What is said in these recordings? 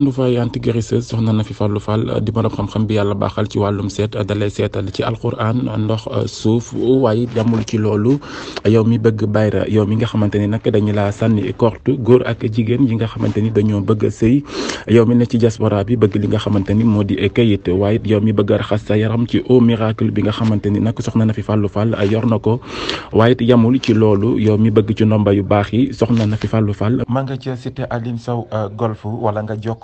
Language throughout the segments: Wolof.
du fay antiguérisseuse soxna na fi fàllu fàll di borom xam-xam bi yàlla baaxal ci wàllum seet dalay seetal ci alquran ndox euh, suuf waaye yamul ci loolu yaw mi bëgg bayra yow mi nga xamante ni nag dañu laa sànni korte góor ak jigéen yi nga xamante ni dañoo bëgg a sëy yow mi ne ci diaspora bi bëgg li nga xamante ni moo di kayit waaye yow mi bëgg a raxas sa yaram ci eau miracle bi nga xamante ni nag soxna na fi fàllu a euh, yor na ko waaye yamul ci loolu yow mi bëgg ci ndomba yu baax yi soxna na fi fàllu fàll ma nga euh, nga jokk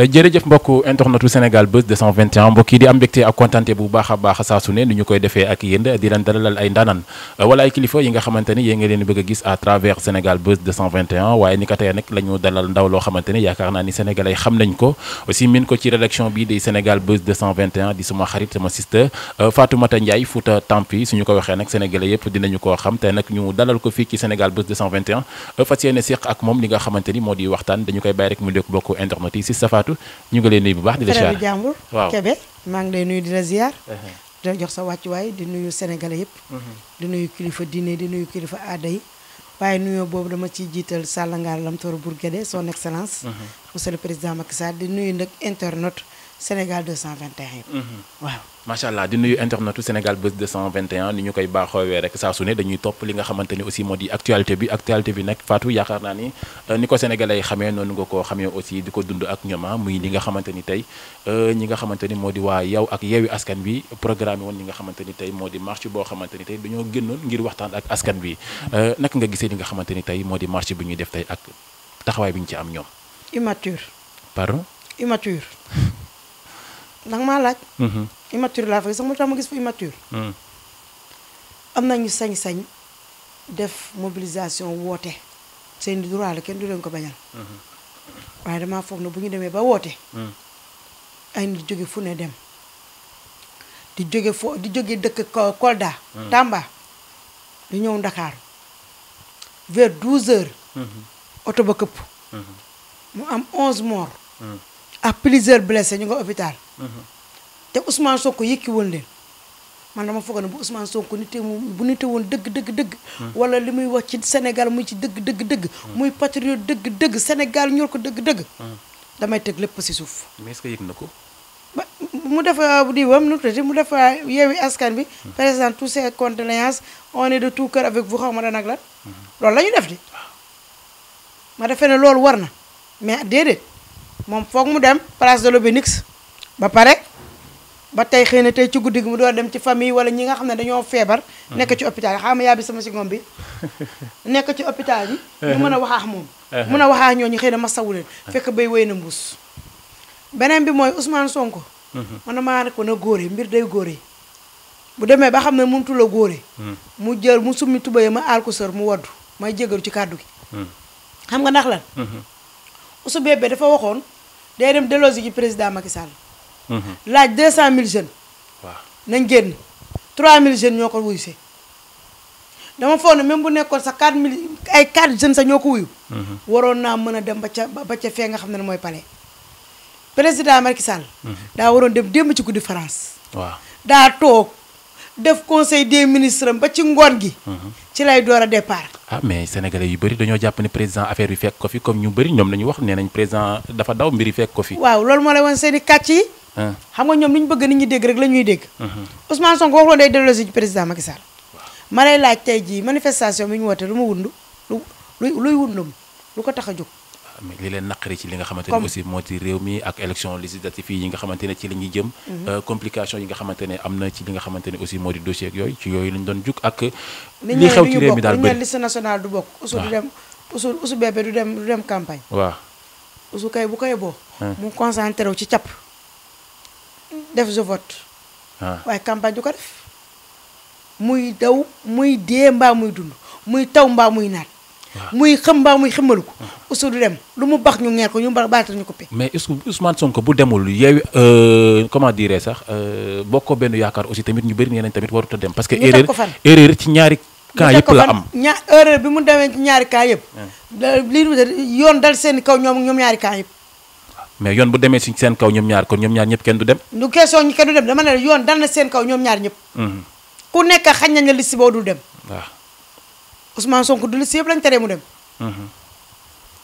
Euh, jërëjëf mbokk internetu Sénégal Buzz 221 mbokk yi di am mbégte ak kontante bu baax a baax saa su ne ni ñu koy defee ak yéen di leen ay ndaanaan euh, wala yi nga xamante ni yéen nga leen bëgg a gis à travers loo xamante ni yaakaar naa ni sénégalais xam nañ ko aussi min ko ci rédaction bi di Sénégal Buzz 221 di suma xarit sama sister euh, Fatoumata Ndiaye Fouta Tampi suñu ko waxee nag sénégalais yëpp dinañu koo xam te nag ñu dalal ko fii ci Sénégal Buzz 221 fas yéene séq ak moom li nga xamante ni moo di waxtaan dañu koy bàyyi Fatou ñu ngi lay nuyu bu baax di la ziar jàmbur waaw maa ngi lay nuyu di la ziar uh-huh. jox sa wàcc wàccuwaay di nuyu sénégalais yëpp uh-huh. di nuyu kilifa diine di nuyu kilifa aada waaye nuyoo boobu dama ciy jiital sàllangaar Lamtoor Bourguédé son excellence uh-huh. mu le président Macky Sall di nuyu nag internet Sénégal 221 waaw macha allah di nuyu internetu Sénégal Buzz 221 ni ñu koy baaxoowee rek saa su ne dañuy topp li nga xamante ni aussi moo di actualité bi actualité bi nag Fatou yaakaar naa ni euh, ni ko sénégalais xamee noonu nga ko xamee aussi di ko dund ak ñooma ah, muy li nga xamante ni tey euh, ñi nga xamante ni moo di waa yow ak yeewi askan bi programme woon li nga xamante ni tey moo di marche boo xamante ni tey dañoo génnoon ngir waxtaan ak askan bi euh, naka nga gisee li nga xamante ni tey moo di marche bi ñuy def tey ak taxawaay bi ñu ci am ñoom immature pardon immature danga maa laaj. Mhm. immature laa fay sax moo tax ma gis fa immature. Mhm. am nañu sañ-sañ def mobilisation woote seen droit la kenn du leen ko bañal. Mhm. waaye damaa foog ne bu ñu demee ba woote. ay nit jóge fu ne dem. di jóge fo di jóge dëkk Kolda. Tamba di ñëw Ndakaaru ver 12 heures. oto ba këpp. mu am 11 morts. ak plusieurs blessés ñu nga hôpital. Mhm. te Ousmane Sonko yëkki woon leen man dama foog ne bu Ousmane Sonko nite woon bu nite woon dëgg dëgg dëgg. Mhm. wala li muy wax ci Sénégal muy ci dëgg dëgg dëgg. Mhm. muy patriote dëgg dëgg Sénégal ñor ko dëgg dëgg. damay teg lépp si suuf. mais est-ce que yëg ko. ba mu def euh, di wam nu tuddati mu def euh, yeewi askan bi. président tous ses condoléances on est de tout cœur avec vous xaw ma nag la. loolu la def di ma defee ne loolu war na mais déedéet. moom foog mu dem place de l'Obélisque ba pare ba tey xëy na tey ci guddi gi mu doo dem ci famille wala ñi nga xam ne dañoo feebar. nekk ci hôpital yi xam nga yaa sama si bi nekk ci hôpital yi. ñu mën a waxaax mën a waxaax ñooñu xëy na masawu leen. fekk bay wéy na mbuus. beneen bi mooy Ousmane Sonko. man maa ne ko na góore mbir day góore. bu demee ba xam ne mënutu la góore. mu jël mu summi tubéye ma aal mu waddu may jégalu ci kàddu gi. nga ndax lan. dafa waxoon. day dem delloosi ji président Macky Sall. Mhm. laaj mille jeunes. waaw nañ génn mille jeunes ñoo ko wuyu see. dama foog ne même bu nekkoon sax 4000 ay 4 jeunes sax ñoo ko wuyu. Mhm. waroon naa mën a dem ba ca ba ca fee nga xam ne mooy palais. président Macky Sall. Mhm. daa waroon dem démb ci guddi France. waaw daa toog. def conseil des ministres ba ci ngoon gi. Mhm. ci lay door a départ. ah mais sénégalais yu bari dañoo jàpp ne président affaire yi fekk ko fi comme ñu bëri ñoom la ñu wax nee nañ président dafa daw mbir yi fekk ko fi. waaw loolu moo lay wan seen i kàcc yi. Ah. xam nga ñoom li ñu bëgg nit ñi dégg rek la ñuy dégg. Mhm. Ousmane Sonko waxoon day delloosi ci président Macky Sall. ma lay laaj tey jii manifestation bi ñu woote lu ma wund lu luy wundum lu ko tax a jóg. li leen naqari ci li nga xamante ne aussi moo ci réew mi ak élection législative yi nga xamante ne ci la ñuy jëm mhm. euh, complication yi nga xamante ne am na ci li nga xamante ne aussi moo di dossier ak yooyu ci yooyu lañ doon jug ak li xew ci réew mi daal bokk usu du dem usu usu bébé du dem du dem campagne bu koy boo mu concentré wu ci capp def je campagne du muy daw muy dee mbaa muy dund muy taw mbaa muy naat muy xam mbaa muy xamalu ko usu du dem lu mu bax ñu ngeer ko ñu mba baatal ñu ko pe mais est-ce que Ousmane Sonko bu demul yeewi euh, comment dire sax euh, bokk ko benn yaakaar aussi tamit ñu bëri nee nañ tamit warut a dem parce que erreur erreur ci ñaari cas yëpp la am ña erreur bi mu demee ci ñaari cas yëpp lii yoon dal seen kaw ñoom ñoom ñaari cas yëpp mais yoon bu demee si seen kaw ñoom ñaar kon ñoom ñaar ñëpp kenn du dem du question ñu kenn du dem dama ne yoon dal na seen kaw ñoom ñaar ñëpp ku nekk xañ nañ la liste boo du dem waaw Ousmane Sonko du liste yëpp lañ teree mu dem. Mhm.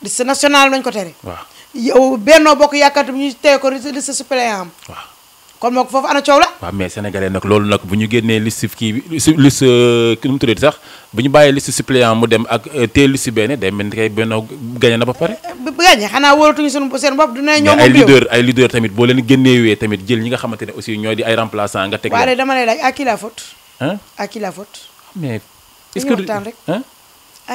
liste nationale lañ ko tere. waaw yow Benno Bokk Yaakaar tamit ñu teye ko liste suppléant kon moom foofu ana coow la. waaw mais sénégalais nag loolu nag bu ñu génnee liste kii bi euh, nu mu sax bu ñu bàyyee liste suppléant mu dem ak euh, te liste benn day mel ni kay Benno gagné na ba pare. Eh, bu gagné xanaa wóoratuñu seen seen bopp du ne ñoom. mais ay leader ay leader tamit boo leen génneewee tamit jël ñi nga xamante ne aussi ñooy di ay remplaçant nga teg. waaw dama lay laaj à qui la faute. est-ce que ah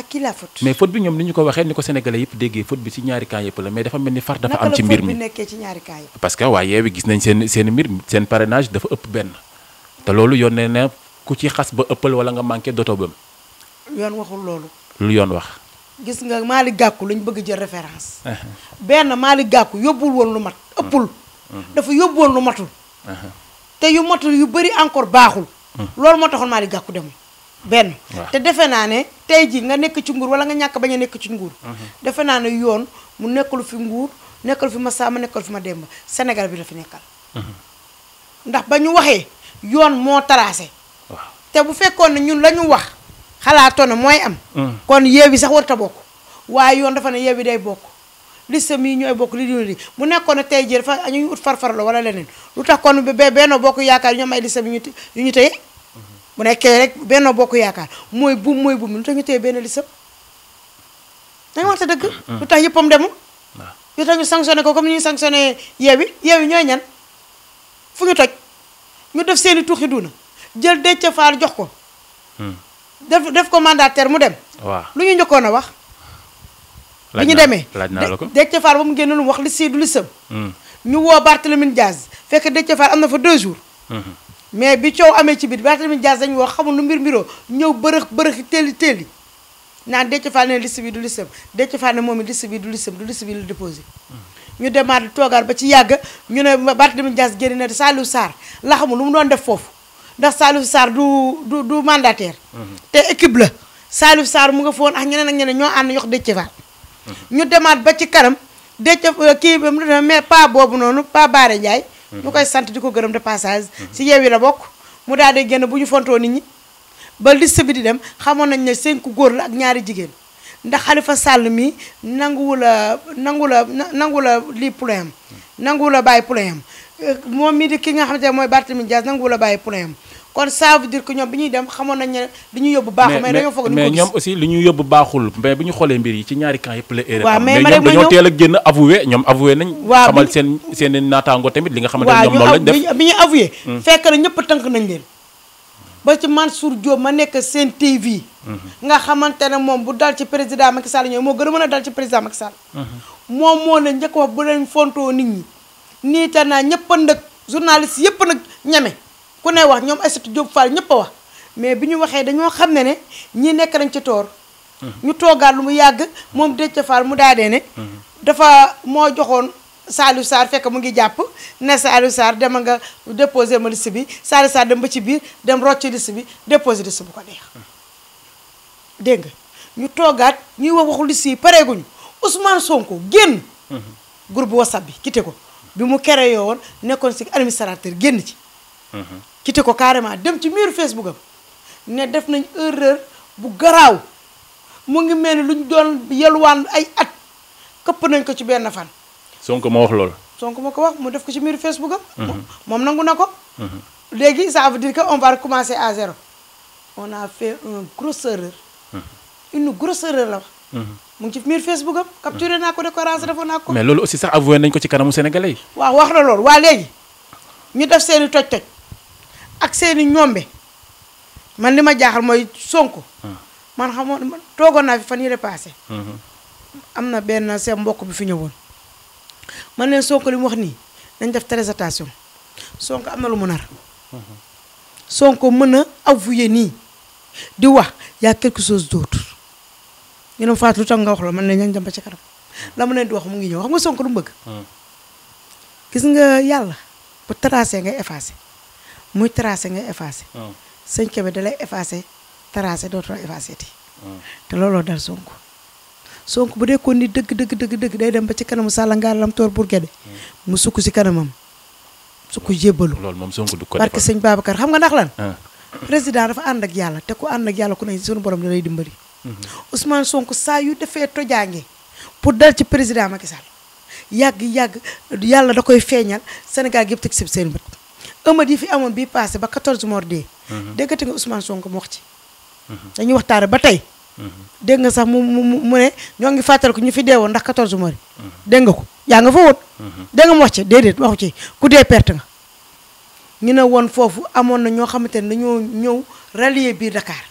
ak ki la faute mais faute bi ñoom ni ñu ko waxee ni ko sénégalais yëpp déggee faute bi ci ñaari cas yëpp la mais dafa mel ni far dafa am ci mbir mi nekkee ci ñaari cas yëpp parce que waaye seen seen mbir seen parrainage dafa benn te loolu yoon ne na ku ci xas ba ëppal wala nga manqué doto bam yoon waxul loolu yoon wax gis nga Malick Gakou lañ bëgg jël référence uh-huh. benn Malick gàkku yóbbul woon lu mat uh-huh. ëppul uh-huh. dafa yóbbu woon lu matul te yu matul yu bëri encore baaxul loolu moo taxoon Malick Gakou demul benn te defe naa ne tey ji nga nekk ci nguur wala nga ñàkk bañ a nekk ci nguur mhm. defe naa ne yoon mu nekkalu fi nguur nekkalu fi ma saama nekkalu fi ma demba Sénégal bi la fi nekkal mhm. ndax ba ñu waxee yoon moo tracé te bu fekkoon na ñun la ñu wax xalaatoon na mooy am mhm. kon Yewwi sax warut a bokk waaye yoon dafa ne Yewwi day bokk liste mii ñooy bokk li dina li mu nekkoon ne tey ji dafa ñu ut farfarloo wala leneen lu tax kon ba Benno Bokk Yaakaar ñu am ay liste yu ñu tëye bu nekkee rek Benno Bokk Yaakaar mooy buum mooy buum lu tax ñu téye benn lisam dañu waxte dëgg lu tax yëppam demul lu tax ñu sanctionné ko comme ni ñuy sanctionné Yewwi Yewwi ñooy ñan fu ñu toj ñu def seeni tuuxi duuna jël Déthié Fall jox ko mm. def def ko mandataire mu dem waaw lu ñu njëkkoon a wax bi ñu demee laaj naa la ko Déthié Fall ba mu génn lu mu wax li sii du lisam mm. ñu woo Barthélémy Diaz fekk Déthié Fall am na fa deux jours mm-hmm. mais bi coow amee ci biir Barthélémy Dias dañu wax xamul lu mbir mbiroo ñëw bërëx bërëxi téeli téeli naan Déthié Fall ne liste bi du listam Déthié Fall ne moom it liste bi du listam du liste bi lu déposé ñu demaat toogaat ba ci yàgg ñu ne Barthélémy Dias génn na Saliou Sarr la xamul lu mu doon def foofu ndax Saliou Sarr du du du mandataire te équipe la Saliou Sarr mu nga foon ak ñeneen ak ñeneen ñoo ànd yox Déthié Fall ñu demaat ba ci kanam Déthié kii mais pas boobu noonu pas Baare Ndiaye Mhm. ñu koy sant di ko gërëm de passage si yeewi la bokk mu daal di génn bu ñu fontoo nit ñi ba liste bi di dem xamoon nañ ne cinq góor la ak ñaari jigéen ndax Xalifa sàll mi nanguwu la nangu la nangu la lii poulayam mhm. nanguwu la bàyyi am euh, moom mii di ki nga xam ne mooy Barthélémy mi nanguwu la bàyyi am kon ça veut dire que ñoom bi ñuy dem xamoon nañ li ñu yóbbu baaxul. mais dañoo foog mais ñoom aussi li ñu yóbbu baaxul mais bi ñu xoolee mbir yi ci ñaari camp yëpp la erreur. waaw mais ma ñoom dañoo teel a génn avoué ñoom avoué tamit li nga xamante ne ñoom loolu lañ def waaw bi ñu avoué. Hmm. fekk na ñëpp leen. ba ci Mansour Diop ma nekk seen TV. Hmm. nga xamante ne moom bu dal ci président Macky Sall ñoom moo gën a mën a dal ci président Macky Sall. Hmm. moom moo ne njëkk wax bu leen fontoo nit ñi. nii tan naa ñëpp a ndëkk journaliste yëpp nag ñeme ku ne wax ñoom Aïssatou Diop Fall ñëpp a wax mais bi ñu waxee dañoo xam ne ne ñii nekk nañ ci toor mhm. ñu toggaat lu mu yàgg moom Déthié Fall mu daadee ne mhm. dafa moo joxoon Saliou Sarr fekk mu ngi jàpp ne Saliou Sarr dema nga déposé ma bi Saliou Sarr dem ba ci biir dem rocci liste bi déposé liste bu ko neex mhm. dégg ñu toggaat ñuy wax waxu liste yi pareeguñu Ousmane Sonko génn groupe WhatsApp bi quitté ko bi mu kere woon nekkoon si administrateur génn ci quitté ko carrément dem ci mur Facebook am ne def nañ erreur bu garaaw mu ngi mel ni luñ doon yelwaan ay at këpp nañ ko ci benn fan. Sonko ma wax lool. Sonko ma ko wax mu def ko ci mur Facebook am. Mhm. moom nangu na ko. Mhm. léegi ça veut dire que on va recommencer à zéro on a fait une grosse erreur. Mhm. la mu ci mur Facebook am. capturé naa ko décoration defoon naa ko. mais loolu aussi sax avoué nañ ko ci kanamu sénégalais yi. waaw wax na loolu waa léegi ñu def seeni toj-toj. ak seeni ñombe man li ma jaaxal mooy sonk ah. man xamoon man toogoon naa fi fan yii passé mhm. am na benn seen mbokk bi fi ñëwoon. man leen Sonko li mu wax nii nañ def très attention Sonko am na lu mhm. mën a avouer nii di wax y'a quelque sos d'autre ñu ne Fatou lu tax nga wax la man ne ñañ dem ba ci karam la mu leen di wax mu ngi ñëw xam nga sonk lu mu bëgg. Hmm. gis nga yàlla bu tracé ngay effacé. muy tracé nga effacé. Ah. sëñ Kébé dalay effacé tracé dootoo effacé ti ah. te looloo dal Sonko Sonko bu dee kon ni dëgg dëgg dëgg dëgg day dem ba ci kanamu Salla Ngaar lam toor Bourguédé ah. mu sukk si kanamam sukku jébbalu. loolu moom Sonko du ko parce que sëñ xam nga ndax lan. président dafa ànd ak yàlla te ku ànd ak yàlla ku ne sunu borom da lay dimbali. Mm-hmm. Ousmane Sonko saa yu defee tojaange pour dal ci président Macky Sall yàgg yàgg yàlla da koy feeñal Sénégal gépp teg si seen bët. ëmad yi fi amoon bii passé ba 14 morts dee. Mhm. déggati nga Ousmane Sonko mu wax ci. Mhm. dañuy waxtaare ba tey. Mhm. dégg nga sax mu mu mu ne ñoo ngi fàttaliku ñu fi deewoon ndax 14 morts yi. dégg nga ko yaa nga fa woon. dégg nga mu wax ci déedéet waxu ci ku dee perte nga. ñu ne woon foofu amoon na ñoo xamante ne dañoo ñëw rallier biir Dakar.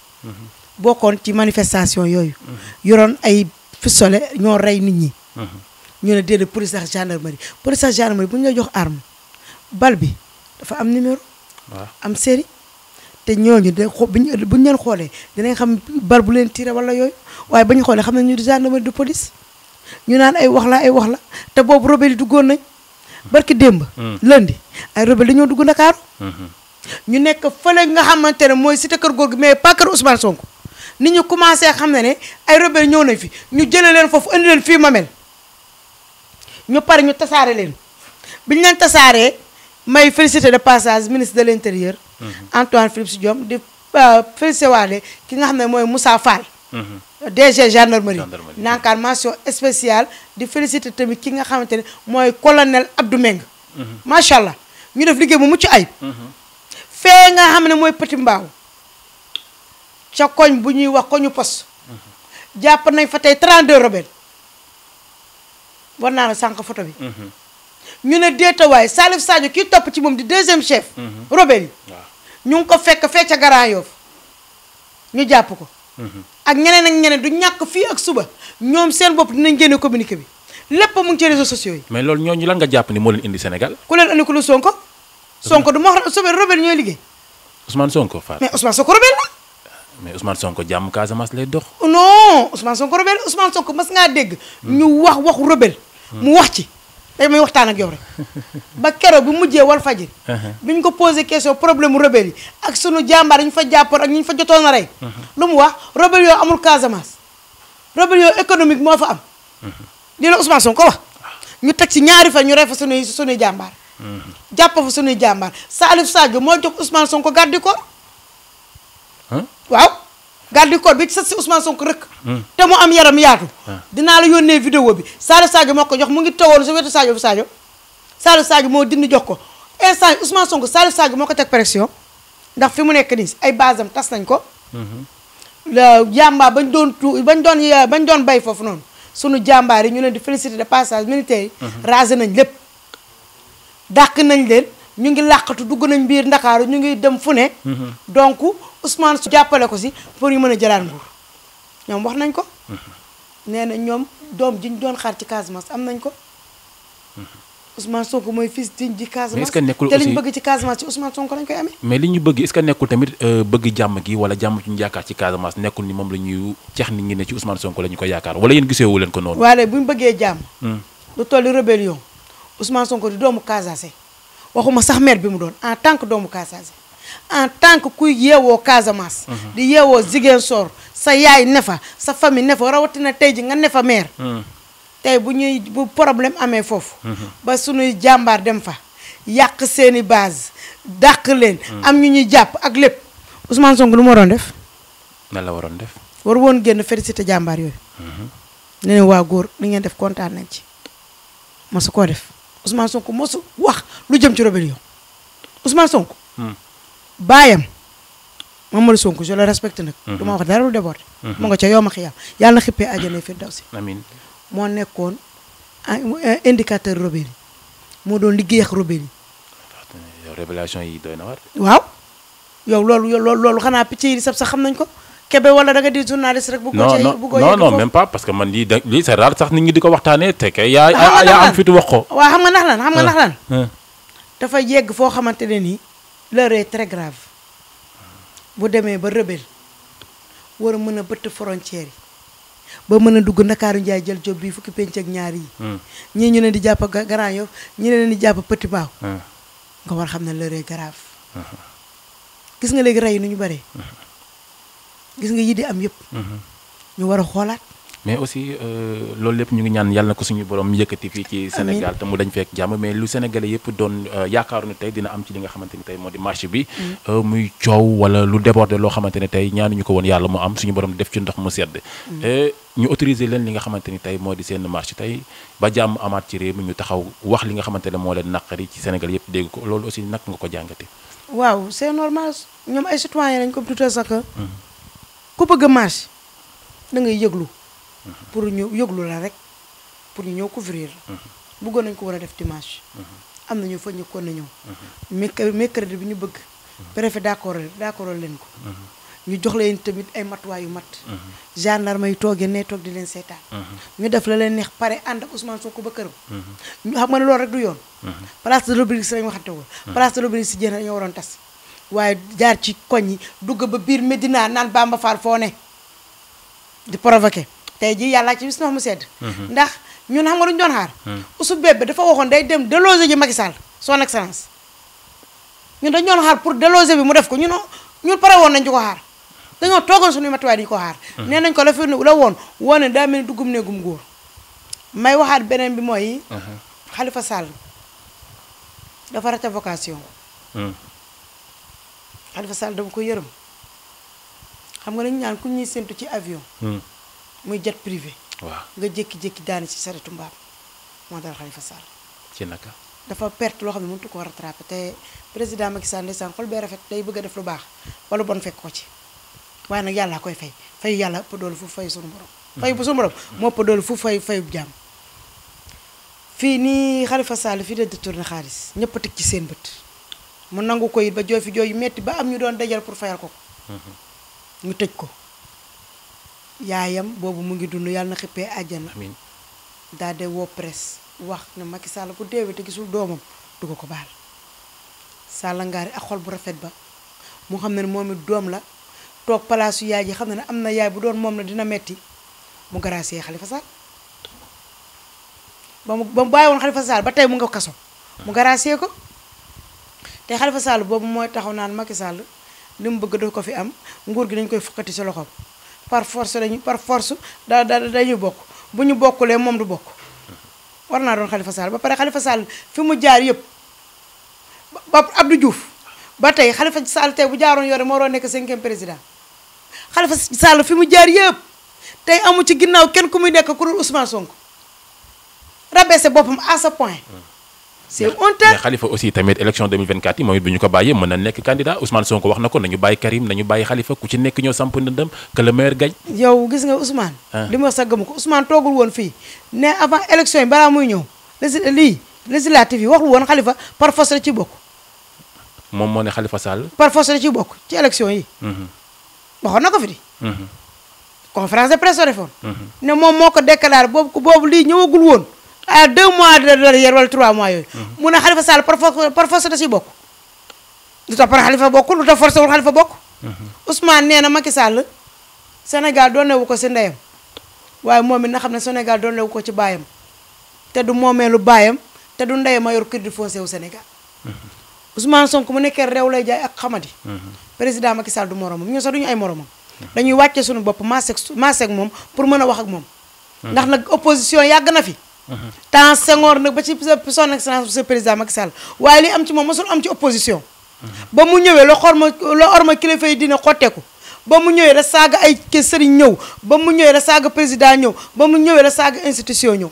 bokkoon ci manifestation yooyu. yoroon ay sole ñoo rey nit ñi. ñu ne déedéet police ak gendarmerie police ak gendarmerie bu ñu la jox arme bal bi. dafa am numéro. waaw am série te ñooñu de xo bu ñu leen xoolee danañ xam bar bu leen tiré wala yooyu waaye ba xoolee xam ne ñu di gendarmerie de police ñu naan ay wax la ay wax la te boobu rebelle yi duggoon nañ barki démb. Hmm. lundi ay rebelle dañoo dugg Ndakaaru. Hmm. ñu nekk fële nga xamante ne mooy cité kër góor gi mais pas kër Ousmane sonk ni ñu commencé xam ne ne ay rebelle ñëw nañ fi ñu jëlee leen foofu andi leen fii Mamel ñu pare ñu tasaare leen bi ñu leen tasaaree. may félicité de passage ministre de l' intérieur. Mhm. Antoine Philippe Diome di euh, félicité waale ki nga xam ne mooy Moussa Fall. Mhm. DG gendarmerie nankaan mention spéciale di félicité tamit ki nga xamante ne mooy colonel Abdou Meng. Mhm. macha allah ñu def liggéey bu mucc ay fee nga xam ne mooy Petit Mbaaw ca koñ bu ñuy wax koñu pos. jàpp nañ fa tey 32 rebelles war naa la sànq photo bi. ñu ne déetawaay Salif saajo kii topp ci moom di deuxième chef. Mhm. Robert yi ñu ngi ko fekk fee ca Grand Yoff ñu jàpp ko. Mhm. ak ñeneen ak ñeneen du ñàkk fii ak suba ñoom seen bopp dinañ génne communiqué bi lépp mu ngi ci réseaux sociaux yi. mais loolu ñu lan nga jàpp ni moo leen indi Sénégal. ku leen indi ku lu Sonko. Sonko du ma wax Robert Robert ñooy liggéey. Ousmane Sonko Fatou. mais Ousmane Sonko mais Ousmane Sonko jàmm Casamance lay dox. non Ousmane Sonko Robert Ousmane Sonko mas ngaa dégg. Hmm. ñu wax waxu Robert. Hmm. mu wax ci. day may waxtaan ak yow rek ba keroog bu mujjee wal fajir uh-huh. bi ñu ko posé question problème mu rebelle yi ak sunu jàmbaar yi fa jàppoon ak ñi ñu fa jotoon a rey uh-huh. lu mu wax rebelle amul Casamance rebelle économique moo fa am di uh-huh. la Ousmane Sonko ko wax ah. ñu teg ci ñaari fan ñu rey fa sunuy sunuy jàmbaar jàpp fa sunuy jàmbaar Salif Sadio moo jox Ousmane Sonko ko gàddi ko waaw garde corps bi ci sa si Ousmane Sonko rek hmm. te mu am yaram yaatu hmm. dinaa la yónnee vidéo bi Salif Sadio moo ko jox mu ngi tawoon sa wetu Sadio bi Sadio Salif Sadio moo dindi jox ko instant Ousmane Sonko Salif Sadio moo ko teg pression ndax fi mu nekk nii ay basam tas nañ ko hmm. jàmbaar bañ doon tu bañ doon bañ doon bay foofu noonu sunu jàmbaar yi ñu leen di féliciter de passage militaire yi rasé nañ lépp dàq nañ leen ñu ngi làqatu dugg nañ biir Ndakaaru ñu ngi dem fu ne Ousmane su jàppale ko si pour a jëlaat nguur wax nañ ko. nee na ñoom doom ji doon xaar ci Casamance am nañ ko. Ousmane Sonko mooy fils digne di Casamance. te li ñu koy li ñu bëgg est-ce que nekkul tamit euh, ci ñu yaakaar ci Casamance nekkul moom la ñuy ceex nit ñi ne ci Ousmane Sonko la ñu ko yaakaar wala yéen gisee wu leen ko noonu. waaye bu ñu bëggee jàmm. Hmm. lu toll rébellion Ousmane Sonko di doomu Casase waxuma sax maire bi mu doon en tant que doomu Casase en tant que kuy yeewoo Casamance. Mhm. di yeewoo Ziguinchor sa yaay nefa sa famille nefa rawatina tey ji nga nefa meer. Mhm. tey bu ñuy bu problème amee foofu. Mhm. ba suñuy jàmbaar dem fa yàq seeni base dàq leen. am ñu ñuy jàpp ak lépp Ousmane sonk lu ma waroon def. nan la waroon def. war woon génn félicité jàmbaar yooyu. ne waa góor li ngeen def kontaan nañ ci mosu koo def Ousmane Sonko mosu wax lu jëm ci rébellion Ousmane Sonko. baayam Mamadou Sonko je le respecte nag. Mhm. du ma wax dara lu déborde. Mhm. mu nga ca yow ma xiyam yàlla na xippee àjjana firdawsi. amiin moo nekkoon ah, indicateur robel moo doon liggéey ak robel yi. doon révélation yi doy na war. waaw yow loolu lool loolu xanaa picc yi sax xam nañ ko. kebe wala da nga di journaliste rek. bu ko cee bu ko non que man lii da sax nit di ko waxtaanee te kay. Ah, wax ko. waa xam nga ndax lan xam nga ah. ndax lan. dafa yegg foo xamante ne nii. l'heure est grave bu demee ba rebelle war mën a bëtt frontière yi ba mën a dugg ndakaaru njaay jël job bi fukki penc ak ñaar yi hmm. ñii ñu leen di jàpp Grand ñi leen di jàpp Petit Mbao hmm. nga war xam ne l'heure est grave hmm. gis nga léegi rey nu ñu bare gis nga yi di am yëpp ñu war a xoolaat mais aussi euh, loolu lépp ñu ngi ñaan yàlla na ko suñu borom yëkkati fii ci Sénégal te mu dañ fekk jàmm mais lu sénégalais yëpp doon euh, yaakaaru ne tey dina am ci li nga xamante ni tey moo di marché bi mm. euh, muy coow wala lu débordé loo xamante ne tey ñaanuñu ko woon yàlla mu am suñu borom def ci ndox mu sedd mm. ñu autorisé leen li nga xamante ni tey moo di seen marché tey ba jàmm amaat ci réew mi ñu taxaw wax li nga xamante ne moo leen naqari ci Sénégal yëpp dégg ko loolu aussi nak nga ko jàngate waaw c'est normal ñoom ay citoyen lañ comme tout à chacun mm. ku bëgg marché da ngay yëglu pour ñu yëglu la rek pour ñu ñëw couvrir. bëggoon nañ ko war a def dimanche. am na ñu fa ñëkkoon na ñëw. mekk mercredi bi ñu bëgg. préfet d'accord d'accord leen ko. ñu jox leen tamit ay matuwaay yu mat. gendarme yi toogee ne toog di leen seetaan. ñu def la leen neex pare ànd ak soo ko ba këram. ñu xam nga ne loolu rek du yoon. place de l'Obélisque si lañ waxante woon. place de l'Obélisque si jéem waroon tas. waaye jaar ci koñ yi dugg ba biir Medina naan Bamba Fall foo ne di provoqué. tey jii yàllaa ci bis na mu sedd mhm. ndax ñun xam nga duñu doon xaar Ousou mhm. Bébé dafa waxoon day dem déloger ji Macky Sall son excellence ñun dañ doon xaar pour déloger bi mu def ko ñun ñun pare woon nañu ko xaar dañoo toogoon suñuy matuwaay di ko xaar mhm. nee nañ ko la fi la woon woone daa mel ni duggum néegum góor may waxaat beneen bi mooy xalifa Sall dafa rate vocation Khalifa Sall dama ko yërëm xam nga dañ ñaan ku ñuy séntu ci avion muy jet privé. waaw nga jékki-jékki daani ci saretu mbaam moo dal Khalifa Sall. ci naka. dafa perte loo xam ne mënut koo rattrapé te président Macky Sall ndeysaan xol bee rafet day bëgg a def lu baax wala bon fekk ko ci waaye nag yàlla koy fay fay yàlla ëpp doole fu fay sunu borom. Hmm. fay bu sunu borom moo ëpp doole fu fay bu jàmm. fii nii Khalifa Sall fii de na xaalis ñëpp a teg ci seen bët mu nangu koy ba jooy fi jooy yu metti ba am ñu doon dajal pour fayal ko ko. Hmm. tëj ko. yaayam boobu mu ngi dund yàlla na xippee àjjana. amiin daal woo presse wax ne Macky Sall bu deewee te gisul doomam du ko ko baal. Salla Ngaari ak xol bu rafet ba mu xam ne moom it doom la toog palaasu yaay ji xam ne am na yaay bu doon moom la dina metti mu gracier Khalifa Sall ba mu ba woon Khalifa Sall ba tey mu nga kaso. mu gracier ko te Khalifa Sall boobu mooy taxaw naan Macky Sall li mu bëgg daf ko fi am nguur gi dañ koy fukkati si loxoom. par force lañu par force da da ñu bokk bu ñu bokkulee moom du bokk war naa doon xalifa Sall ba pare Khalifa Sall fi mu jaar yëpp ba du Diouf ba tey Khalifa Sall tey bu jaaroon yore moo doon nekk cinquième président Khalifa Sall fi mu jaar yëpp tey amu ci ginnaaw kenn ku muy nekk ku dul Ousmane Sonko rabaissé boppam à point. c'est honteux mais Khalifa aussi tamit élection 2024 yi moom it bu ñu ko bàyyee mën na nekk candidat Ousmane Sonko wax na ko nañu bàyyi Karim nañu bàyyi Khalifa ku ci nekk ñoo samp ndëndam que le maire gis nga Ousmane. Ah. li mu wax sax gëmu ko Ousmane toogul woon fii ne avant élection yi balaa muy ñëw lii législative yi waxul woon Khalifa par force la ci bokk. moom moo ne Khalifa Sall. par force la ci bokk ci élection yi. Mhm. waxoon na ko fi di. Mhm. de presse réforme. Mhm. ne moom moo ko à deux mois de derrière wala trois mois yooyu. Mhm. mu ne Khalifa Sall par force par force da ciy bokk. lu tax par Khalifa bokkul lu tax force wul bokk. Mhm. Ousmane nee na Macky Sall Sénégal doonewu ko ci ndeyam waaye moom it na xam ne Sénégal doonewu ko ci baayam te du moomeelu baayam te du ndeyam a yor crédit foncier wu Sénégal. Mhm. Ousmane sonk mu nekkee réew lay jaay ak xamadi. président Macky Sall du moromam ñun sax duñu ay moromam. dañuy wàcce suñu bopp maase ak ak moom pour mën a wax ak moom. ndax nag opposition yàgg na fi. temps Senghor nag ba ci son excellence monsieur président Macky Sall waaye li am ci moom mosul am ci opposition. ba mu ñëwee la xorma la orma kilifa yi dina xotteeku. ba mu ñëwee rek saaga ay kii sëriñ ñëw ba mu ñëwee rek saaga président ñëw ba mu ñëwee rek saaga institution ñëw.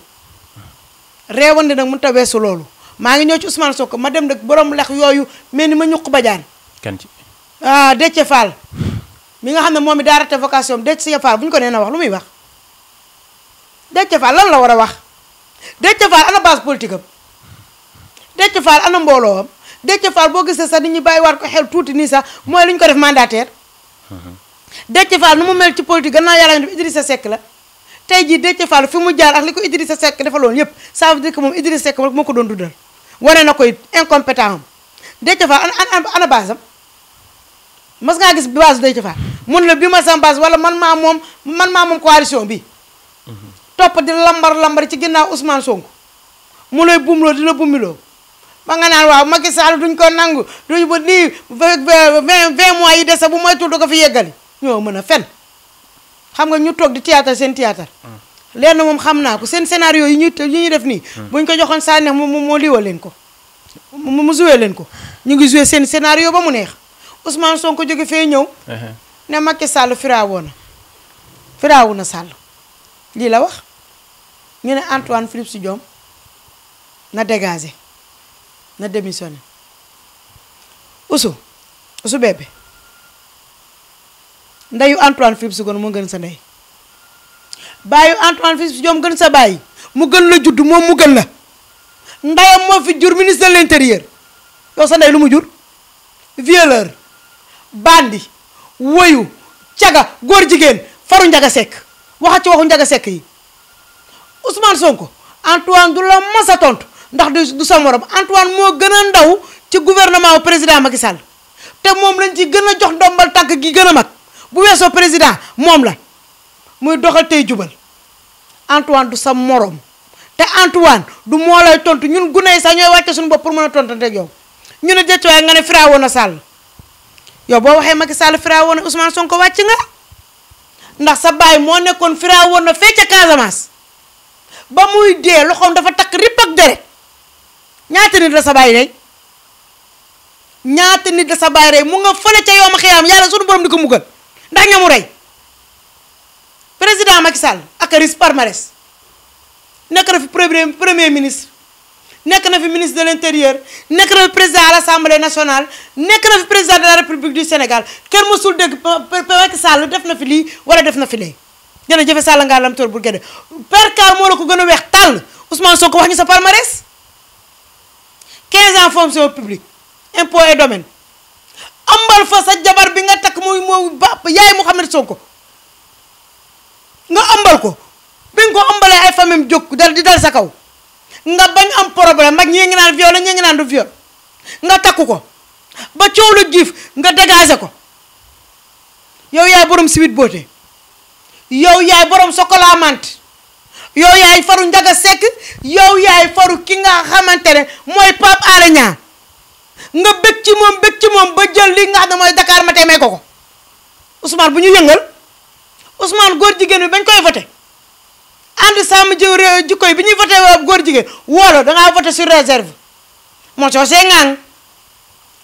reewande nag mënut a weesu loolu maa ngi ñëw ci soo ko ma dem nag borom lex yooyu mel ni ma ñuq bajaan. kan ci ah Déthié Fall mi nga xam ne moom mi daa raté vocation Déthié Fall bu ñu ko nee na wax lu muy wax Déthié Fall lan la war a wax. Déthié Fall ana base politique am Déthié Fall ana mbooloo am Déthié Fall boo gisee sax nit ñi bàyyiwaat ko xel tuuti nii sax mooy li ñu ko def mandataire. Mhm. Déthié Fall nu mu mel ci politique gannaaw yàlla ñu def Idrissa Seck la tey jii Déthié Fall fi mu jaar ak li ko Idrissa Seck defaloon yëpp saa veut dire que moom Idrissa Seck moo ko doon dundal wane na ko it incompétent am Déthié Fall ana ana base am ngaa gis base Déthié Fall mun la bi ma sam base wala man maa moom man maa moom coalition bi mhm. topp di lambar lambar ci ginnaaw Ousmane Sonko mu lay bumloo di la bumiloo ba nga naan waaw Macky Sall duñ ko nangu duñ ba nii vingt vingt mois yi dese bu moytul du ko fi yeggali ñoo mën a fen xam nga ñu toog di théâtre seen théâtre hmm. lenn moom xam naa ko seen scénario yi ñuy yi ñuy def nii hmm. buñ ko joxoon saa neex moom moo liiwa leen ko mu joué leen ko ñu ngi joué seen scénario ba mu neex soon ko jóge fee ñëw uh-huh. ne Macky Sall firaawoon na firaawu la wax ñu ne Antoine Philippe Diome na dégager na démissionné usu usu bébé ndeyu Antoine Philippe Diome moo gën sa ndey baayu Antoine Philippe Diome gën sa baay mu gën la judd moom mu gën la ndeyam moo fi jur ministre l'intérieur yow sa ndey lu mu jur violeur bandi woyu caga góor jigéen faru njaga sekk waxa ci waxu njaga sekk yi Ousmane Sonko Antoine du la mas a tontu ndax du sa morom Antoine moo gën a ndaw ci gouvernement wu président Macky Sall te moom lañ ci gën a jox ndombal tànk gi gën a mag bu weesoo président moom la muy doxal tey jubal Antoine du sa morom te Antoine du moo lay tontu ñun gune yi sax ñooy wàcce suñu bopp pour mën a tontante ak ñu ne jëcc waaye nga ne Firawo na Sall yow boo waxee Macky Sall Firawo na Ousmane Sonko wàcc nga ndax sa baay moo nekkoon Firawo na fee ca ba muy dee loxoom dafa takk ripp ak deret ñaata nit la sa baay rey sa baay rey mu nga fële ca yooma xiyaam yàlla sunu borom di ko muggal ndax ñamu rey président Macky Sall ak Aris Parmares nekk na fi premier premier ministre nekk na fi ministre de l'intérieur nekk na fi président à l'assemblée nationale nekk na fi président de la république du Sénégal kenn mësul dégg Macky Sall def na fi lii wala def na fi lee ngeen jëfe sàlla ngaa lam toor bu gëdd percar moo la ko gën a weex tàll Ousmane Sonko wax ñu sa palmarès 15 ans fonction publique impôt et domaine ambal fa sa jabar bi nga takk muy mooy ba yaay Mouhamed Sonko nga ambal ko bi nga ko ambalee ay famille jóg dal di dal sa kaw nga bañ am problème mag ñi ngi naan viol ñi ngi naan du viol nga takku ko ba coow lu jiif nga dégagé ko yow yaay borom siwit boote yow yaay borom chocolat mante yow yaay faru Njaga Sekk yow yaay faru ki nga xamante ne mooy Pape Alé Niang nga bëgg moom bëgg moom ba jël li nga xam mooy Dakar ma teemee ko ko bu ñu yëngal Ousmane góor jigéen bi bañ koy voté ànd sàmm jiw réew jikko yi bi ñuy voté góor jigéen wóolo dangaa voté sur réserve moo soo see ŋaang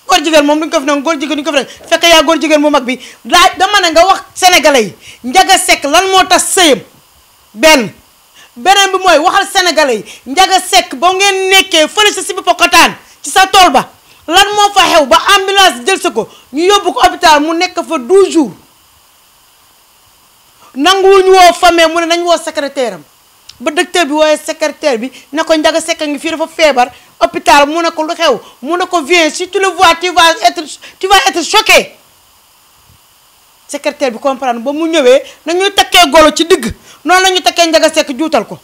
góor jigéen moom du ñu ko fi ne góor jigéen du ñu ko fekk yaa góor jigéen bu mag bi laaj dama ne nga wax sénégalais yi Ndiaga sekk lan moo tax sëyam benn beneen bi mooy waxal sénégalais yi njaga sekk ba ngeen nekkee fële sa sibi pokotaan ci sa tool ba lan moo fa xew ba ambulance jël sa ko ñu yóbbu ko hôpital mu nekk fa 12 jours nanguwuñu woo famille mu ne nañ woo secrétaire am ba docteur bi wooyee secrétaire bi ne ko njaga sekka ngi fii dafa feebar hôpital mu ne ko lu xew mu ne ko viens si tu le ti tu vas être tu vas être choqué bi comprendre ba mu ñëwee nañuy takkee golo ci digg noonu la ñu takkee njaga sekk juutal ko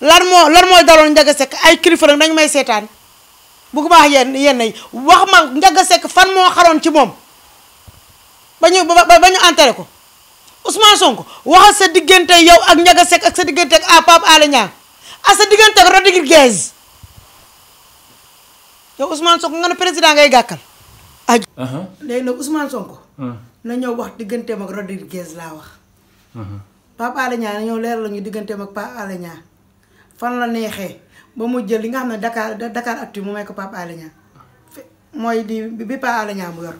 lan moo lan mooy daloon njaga sekk ay kilifa nag may seetaan bëgguma wax yenn yenn yi wax ma njaga sekk fan moo xaroon ci moom ba ñu ba ba ñu enterré ko Ousmane Sonko waxal sa diggante yow ak Ndiaga Seck ak sa diggante ak a Pape Alé Niang ak sa diggante ak Rodriguez yow Ousmane Sonko nga ne président ngay gàkkal. aj uh-huh. léegi nag Ousmane Sonko. Uh-huh. na ñëw wax digganteem ak Rodriguez laa wax. Uh-huh. Pape Alé na ñëw leer la ñu digganteem ak Pape Alé fan la neexee ba mu jël li nga xam ne Dakar Dakar Actu mu may ko Pape Alé Niang mooy di bi Pape Alé mu yor.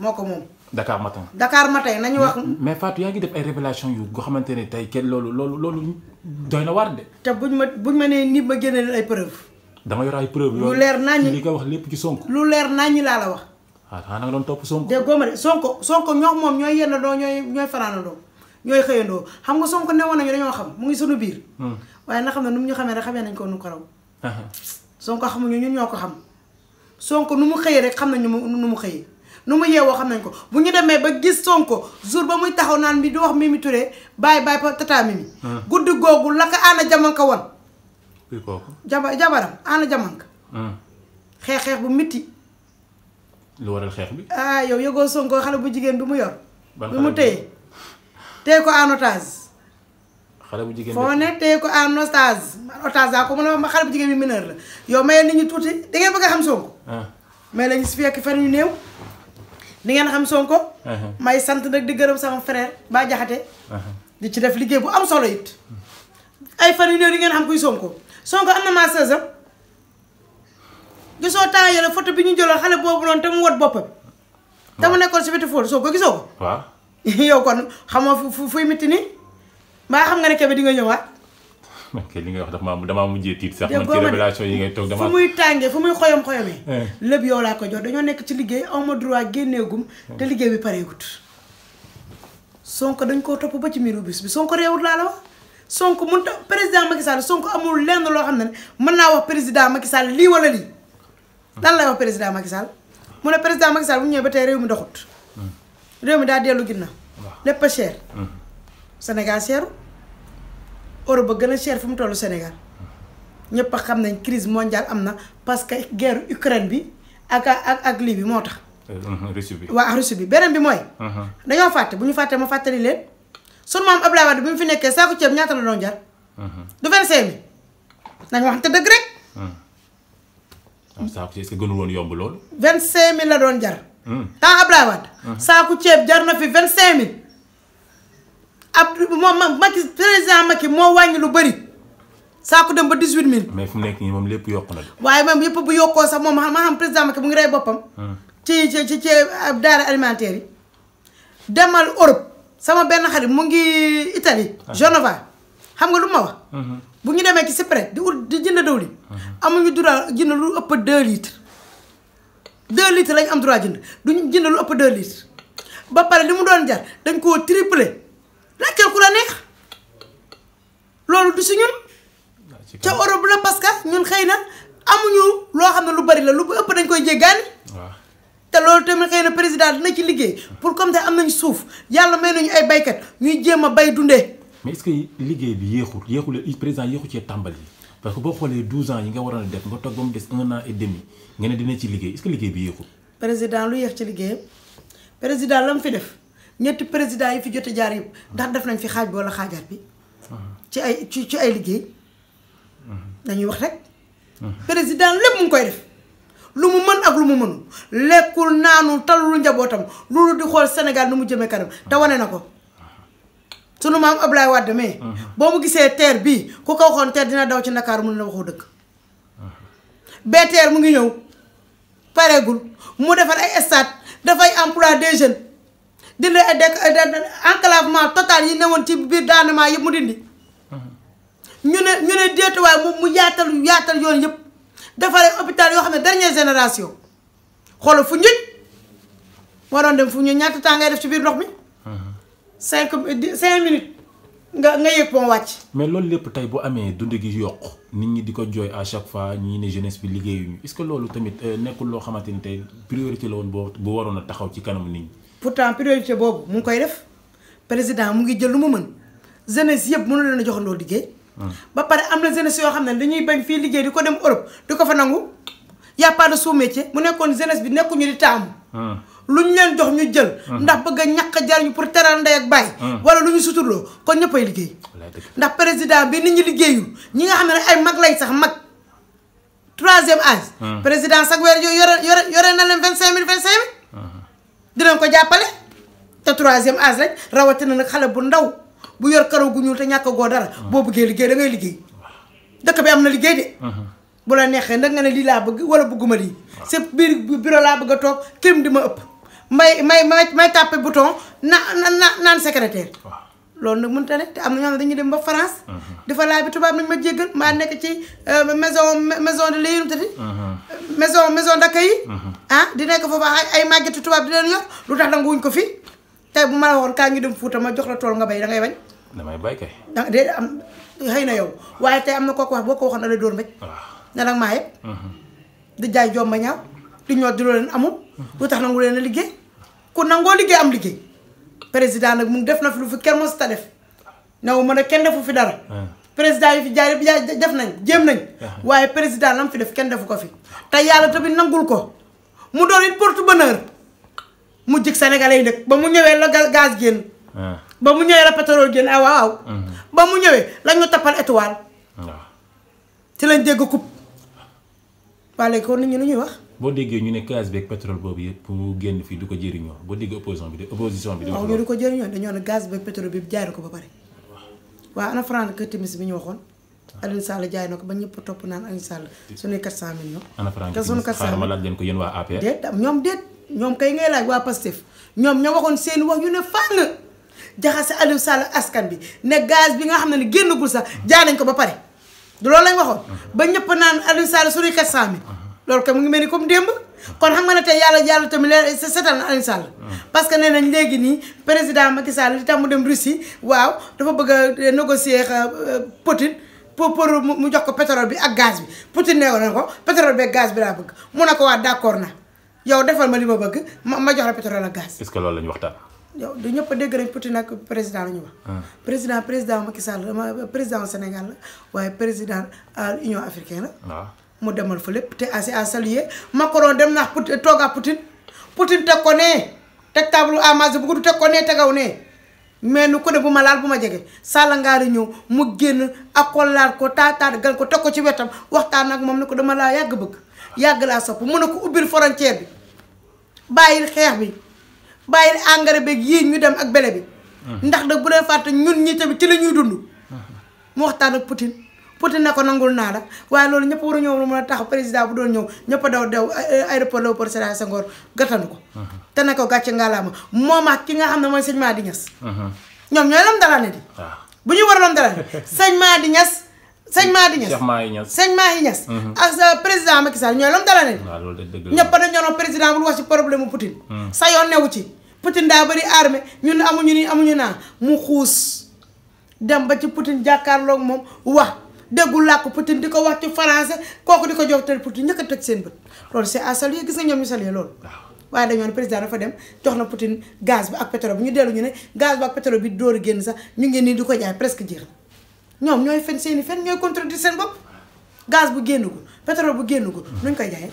moo ko moom. Dakar Matin. Dakar Matin nañu wax. mais Fatou yaa ngi def ay révélation yu nga xamante ne tey kenn loolu loolu loolu doy na waar de. te buñ ma buñ ma nee nii ma génne leen ay preuve dama yor ay preuve lu leer nañu ñi nga wax lépp ci Sonko. lu leer nañu laa la wax. waaw ah, xanaa nga doon topp Sonko. de góoma de Sonko Sonko ñoo moom ñooy yendandoo ñooy ñooy fanaanandoo ñooy xëyandoo xam nga Sonko newoon nañu dañoo xam mu ngi sunu biir. Hmm. waaye na xam ne nu mu ñu xamee rek nañ koo nu ko raw. Uh-huh. Sonko xamuñu ñun ñoo ko xam sonk nu mu xëyee rek xam nañ nu mu nu mu xëyee nu mu yeewoo xam nañ ko bu ñu demee ba gis Sonko jour ba muy taxaw naan bi di wax Mimi Touré bàyyi bàyyi pa tata Mimi ah. guddi googu la ko Anna Diamanka won jaba jabaram Anna Diamanka ah. xeex xeex bu metti lu waral xeex bi ah yow yëgoo Sonko xale bu jigéen bi mu yor bi mu téye téye ko en otage xale bu jigéen foo ne téye ko en otage man otage daa ko mën a wax ma xale bi mineur la yow mayee nit ñi tuuti da ngeen bëgg a xam Sonko ah. mais lañu si fekk fan yu néew ni ngeen xam Sonko. Uh-huh. may sant nag di gërëm sama frère Ba Jaxate uh-huh. di ci def liggéey bu am solo it. ay fan yi néew di ngeen xam kuy Sonko Sonko am na ma sësam gisoo temps yële photo bi ñu jëloon xale boobu noonu te mu wot boppam. te mu nekkoon si wetu fóot Sonko gisoo ko. yow kon xamoo fu fuy mitti nii mbaa xam nga ne bi di nga ñëwaat. man kay li ngay wax damaa damaa mujjee tiit sax. man ci yi ngay toog damaa fu muy tàngee fu muy xoyom xoyomee. Eh. lépp yow laa ko jox dañoo nekk ci liggéey aw ma droit génneegum. Oh. te liggéey bi pareegut. Sonko dañ koo topp ba ci miiru bis bi Sonko réewut laa la wax sonk mun ta président Macky Sall Sonko amul lenn loo xam ne mën naa wax président Macky Sall lii wala lii. lan lay wax président Macky Sall mu ne président Macky Sall bu ñëwee ba tey réew mi doxut. Hmm. réew mi daa dellu ginnaaw. waaw lépp a cher. Hmm. Sénégal Europe ba gën a cher fu mu tollu Sénégal ñëpp a xam nañ crise mondiale am na parce que guerre Ukraine bi ak ak ak lii bi moo tax. Euh, euh, Russie bi waaw Russie bi beneen bi mooy. Uh-huh. dañoo fàtte bu ñu fàttee ma fàttali leen sunu maam Abdoulaye Wade bi mu fi nekkee saako ceeb ñaata la doon jar. Uh-huh. du vingt-cinq wax nañu waxante dëgg rek. waaw uh-huh. ah, ceeb vingt-cinq mille la doon jar. Hmm. temps Abdoulaye Wade. ceeb jar na fi vingt-cinq mille. Abdou moom Macky président Macky moo wàññi lu bëri saako dem ba 18000. mais fu mu nekk nii moom lépp yokku yëpp bu yokkoo sax moom ma xam président Macky mu ngi rey boppam. Hmm. ci ci ci daara alimentaire yi. demal Europe sama benn xarit mu ngi Italie. Ah. Genova xam nga lu ma wax. Hmm. bu ñu demee ci Cyprès di ut di jënd dawlin. Hmm. amuñu droit jënd lu ëpp 2 litres. 2 litres lañ am droit jënd duñu jënd lu ëpp 2 litres ba pare li mu doon jar dañ koo tripler. laajteel ku la neex loolu du si ñun ca Europe la parce que ñun xëy na amuñu loo xam ne lu bari la lu ëpp dañ koy jéggaani te loolu tamit xëy na président dina ci liggéey pour comme te am nañu suuf yàlla may nañu ay baykat ñuy jéem a bay dundee mais est-ce que liggéey bi yéexul yéexul président yéexu cee tàmbali parce que boo xoolee 12 ans yi nga waroon a def nga toog ba mu des un an et demi ci liggéey est-ce que liggéey bi yéexul président lu yéex ci liggéeyam président la mu fi def ñetti président yi fi jote jaar yëpp ndax def nañ fi xaaj bi wala xaajaat bi ci ay ci ay liggéey dañuy wax rek président lépp mu ngi koy def lu mu mën ak lu mu mënu lekkul naanu talul njabootam loolu di xool Sénégal nu mu jëmee kanam te wane na ko su nu sunu maam Ablaye Wade mais boo mu gisee TER bi ku ko waxoon TER dina daw ci Ndakaaru mun ne waxoo dëkk BTR mu ngi ñëw pareegul mu defar ay estate dafay am emploi des jeunes de dindi enclavement total yi newoon ci biir daanement yëpp mu dindi ñu ne ñu ne déetuwaay mu mu yaatal yaatal yoon yëpp defaree hôpital yoo xam ne dernière génération xoolal fu ñuñ moo doon dem fu ñuñ ñaata temps ngay def ci biir ndox mi cinq cinq minutes nga nga yëg pom wàcc mais loolu lépp tey bu amee dund gi yokk nit ñi di ko jooy à chaque fois ñii ne jeunesse bi liggéeyuñu est que loolu tamit euh, nekkul loo xamante ni tey priorité la woon boo bu waroon a taxaw ci kanam nit pour pourtant priorité boobu mu ngi koy def président mu ngi jël lu mu mën jeunesse yëpp mënu leen a joxandoo liggéey. Hmm. ba pare am na jeunesse yoo xam ne dañuy bañ fii liggéey di ko dem Europe di ko fa nangu y a pas de sous mu nekkoon jeunesse bi nekkuñu di taamu. Hmm. lu ñu leen jox ñu jël. Hmm. ndax bëgg a ñàkk pour teral ndey ak bàyyi. wala lu ñu suturloo kon ñëppay liggéey. ndax président bi nit ñi liggéeyu ñi nga xam ne ay mag lay sax mag. troisième âge. président chaque weer yore yore yore na leen vingt cinq mille vingt cinq mille dinañ ko jàppale te troisième âge rek rawatina nag xale bu ndaw bu yor karaw gu ñuul te ñàkk goo dara ah. boo buggee liggéey da ngay liggéey dëkk bi am na liggéey de ah. bu la neexee nag nga ne lii laa bëgg wala bugguma di ah. sa biir bureau laa bëgg a toog kéem di ma ëpp may may may may tàppe bouton na na naan secrétaire loolu nag mënta ne te am na ñoo xam ne dañuy dem ba France. Uh-huh. dafa laaj bi tubaab nañ ma jeg maa uh-huh. nekk ci euh, maison maison de l' unité. Uh-huh. maison maison d'accueil. ah di nekk foofa ay ay màggetu tubaab di leen yor lu tax nanguwuñ ko fi tey bu ma la waxoon kaa ngi dem Fuuta ma jox la tool nga bay dangay bañ. damay bay kay. da am xëy na yow waaye tey am na kooku wax boo ko waxoon da lay dóor mbéj. ne nag maa yëpp. di jaay jomba ñaaw di ñor di loo leen amul. lu tax nangu leen a liggéey ku nangoo liggéey am liggéey. président nag mu def na fi lu fi kenn mosut a def naw ma ne kenn defu fi dara. Ah. président yi fi jaar yëpp jaay def nañ jéem nañ. Ah. waaye président lam fi def kenn defu ko fi. te yàlla tamit nangul ko mu doon it porte bonheur mu jig sénégalais yi nag ba mu ñëwee la gaz génn. Ah. ba mu ñëwee la pétrole génn ah waaw. Mm-hmm. ba mu ñëwee la ñu tappal étoile. ci lañ dégg coupe. waaye léegi kon nit ñi lu ñuy wax. boo déggee ñu ne gaz beeg pétrole boobu yëpp mu génn fii du ko jëriñoo boo déggee opposition bi de opposition bi. du ko jëriñoo dañoo ne gaz bi jaay ko ba pare. waaw ana bi ñu na ko ba ñëpp topp naan Aliou Sall suñuy 400 millions. ana franc timis xaaral ma ne fàng bi ne gaz bi nga xam ne ni génnagul sax jaay ko ba pare du loolu lañ waxoon mm-hmm. ba ñëpp naan Aliou Sall suñuy 400 millions mm-hmm. loolu ko mu ngi mel ni comme démb kon xam nga ne tey yàlla yàlla tamit leen seetal na Aliou Sall hmm. que nee nañ léegi nii président Macky Sall li tax mu dem Russie waaw dafa bëgg a euh, négocier euh, euh, Poutine pour pour mu jox ko pétrole bi ak gaz bi Poutine nee na ko pétrole bi ak gaz bi laa bëgg mu ne ko waa d'accord na yow defal ma li ma bëgg ma ma jox la pétrole ak gaz. est que loolu la waxtaan. yow du ñëpp a dégg nañ Poutine ak président la ñu hmm. président président Macky Sall président Sénégal waaye président Union africaine la. Ah. mu demal fa lépp te assez à saluer Macron dem na pour toogaa Poutine Poutine teg ko ne teg table amage bu gudd teg ko nee tegaw nee mais nu ko ne bu ma laal bu ma jege Salla ñëw mu génn akolaat ko taataat gal ko teg ko ci wetam waxtaan ak moom ne ko dama laa yàgg bëgg yàgg laa sopp mun na ko ubbil frontière bi bàyyil xeex bi bàyyil engrais beeg yii ñu dem ak bele bi. ndax da bu leen fàtte ñun ñi tamit ci la ñuy dund. mu waxtaan ak Poutine. Poutine ne ko nangul naa la waaye loolu ñëpp war a ñëw lu mën a taxaw président bu doon ñëw ñëpp a daw daw aéroport Léopold Sédar Senghor ko te ne ko gàcce ngalaama moom ak ki nga xam ne mooy sëñ Madi Niass ñoom ñooy lam dalane di ah. bu ñu war a lam dalane sëñ Madi Niass sëñ Madi Niass sëñ Mahi Niass ak sa président Macky Sall ñooy lam dalane di ñëpp dañ président bul wax ci problème Poutine sa yoon newu ci Poutine daa bëri armée ñun amuñu nii amuñu naa mu xuus dem ba ci Poutine jàkkaarloog moom wax déggul làkk Poutine di ko wax ci français kooku di ko jox te Poutine ñëkk a teg seen bët loolu c'est à saluer gis nga ñoom ñu saluer loolu waaye dañoo ne président dafa dem jox na Poutine gaz bi ak pétrole bi ñu dellu ñu ne gaz bi ak pétrole bi dóor génn sax ñu ngi nii di ko jaay presque jeex na ñoom ñooy fen seen i fen ñooy contredire seen bopp gaz bu génn ko pétrole bu génn ko nu nuñ koy jaayee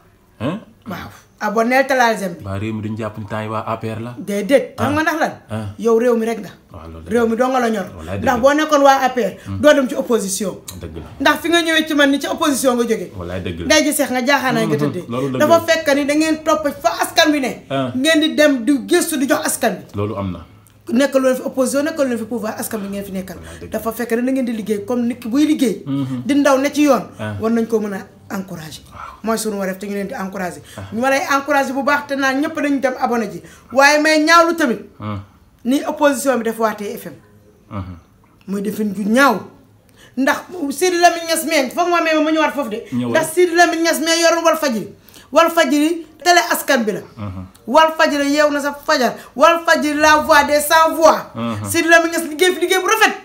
waaw abonneel ah, te laal zëm bi. waa réew mi duñ jàpp ni temps yi waa APR la. de déedéet xam nga ah. ndax lan. Ah. yow réew mi rek nga. réew mi doo nga la ñor. ndax boo nekkoon waa APR. Hmm. doo dem ci opposition. ndax fi nga ñëwee ci man ni ci opposition nga jógee. wallaay dëgg la ndey ji seex nga jaaxaanaay nga hmm, hmm, tëddee. dafa fekk ni da ngeen topp fa askan wi ne. ngeen di dem di gëstu di jox askan bi loolu am na. nekkal leen fi opposition nekkal leen fi pouvoir askan bi ngeen fi nekkal. dafa fekk ne da ngeen di liggéey comme nit buy liggéey. di ndaw ne ci yoon war nañ ko mën a encouragé mooy suñu wareef te ñu leen di encouragé ah. ñu war ay encouragé bu baax te naa ñëpp dañu dem abona ji waaye may ñaawlu tamit ah. ni opposition bi def waa TFM ah. mooy defin ju ñaaw ndax Sidi Lamine Niass meen foog ma mee ma ñëwaat foofu de ndax Sidi Lamine Niass meen yoroon wal fajiri wal fajiri télé askan bi la wal fajiri yeew na sa fajar wal fajiri la voix des sans voix Sidi Lamine Niass liggéey fi liggéey bu rafet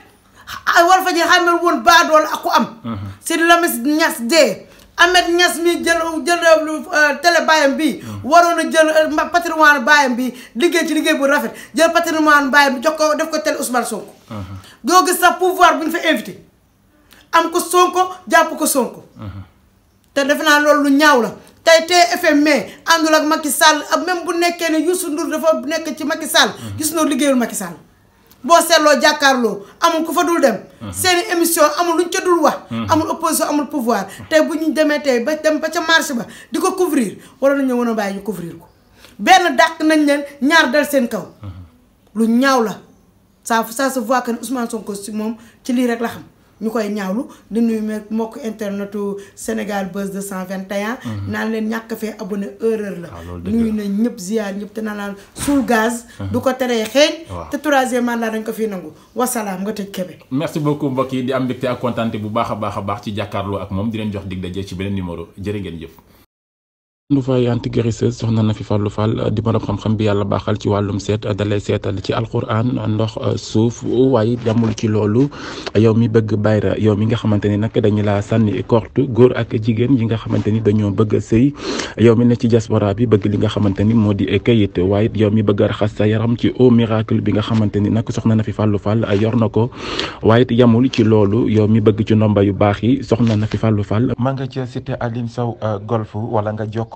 wal fajiri xamel woon baadool ak ku am Sidi Lamine Niass Ahmed Niass mi jël jël euh, télé baayam bi hmm. waroon a jël euh, patrimoine baayam bi liggéey ci liggéey bu rafet jël patrimoine baayam bi jox ko def ko télé Ousmane Sonko. Uh-huh. doo gis sax pouvoir bu ñu fa invité am ko Sonko jàpp ko Sonko. Uh-huh. te defe naa loolu lu ñaaw la tey TFM mais àndul ak sàll Sall même bu nekkee ne Youssou Ndour dafa nekk ci Macky Sall. Youssou hmm. Ndour liggéeyul Macky Sall. boo seetloo jàkkaarloo amul ku fa dul dem seen émission amul luñ ca dul wax amul opposition amul pouvoir tey bu ñu demee tey ba dem ba ca marché ba di ko couvrir wala nañu won a bàyyi ñu couvrir ko benn dàq nañ leen ñaar dal seen kaw lu ñaaw la ça ça se voit que Ousmane Sonko si moom ci lii rek la xam ñu koy ñaawlu di nuyu mbokk internetu Sénégal Buzz 221. Mhm. naan leen ñàkk fee abonné erreur la. Ah, nuyu na ñëpp ziar ñëpp te naan suul gaz. Mhm. du ko teree xeeñ. te troisième mandat dañ ko fi nangu wasalaam nga tëj Kébé. merci beaucoup mbokk di am mbégte ak kontaante bu baax a baax a baax ci jàkkaarloo ak moom di leen jox dig daje ci beneen numéro jërë ngeen jëf. lu fay antiguérisseuse soxna na fi fàllu fal euh, di borom xam-xam bi yàlla baaxal ci wàllum seet euh, dalay seetal ci alquran euh, ndox suuf waaye yamul ci loolu yaw mi bëgg bayra yow mi nga xamante ni nag dañu laa sànni kortu góor ak jigéen yi nga xamante ni dañoo bëgg a sëy yow mi ne ci diaspora bi bëgg li nga xamante ni moo di kayit waaye yow mi bëgg a raxas sa yaram ci au miracle bi nga xamante ni nag soxna na fi fàllu fal yor na ko waaye yamul ci loolu yow mi bëgg ci ndomba yu baax yi soxna na fi fàllu fal ma nga ca nga jokk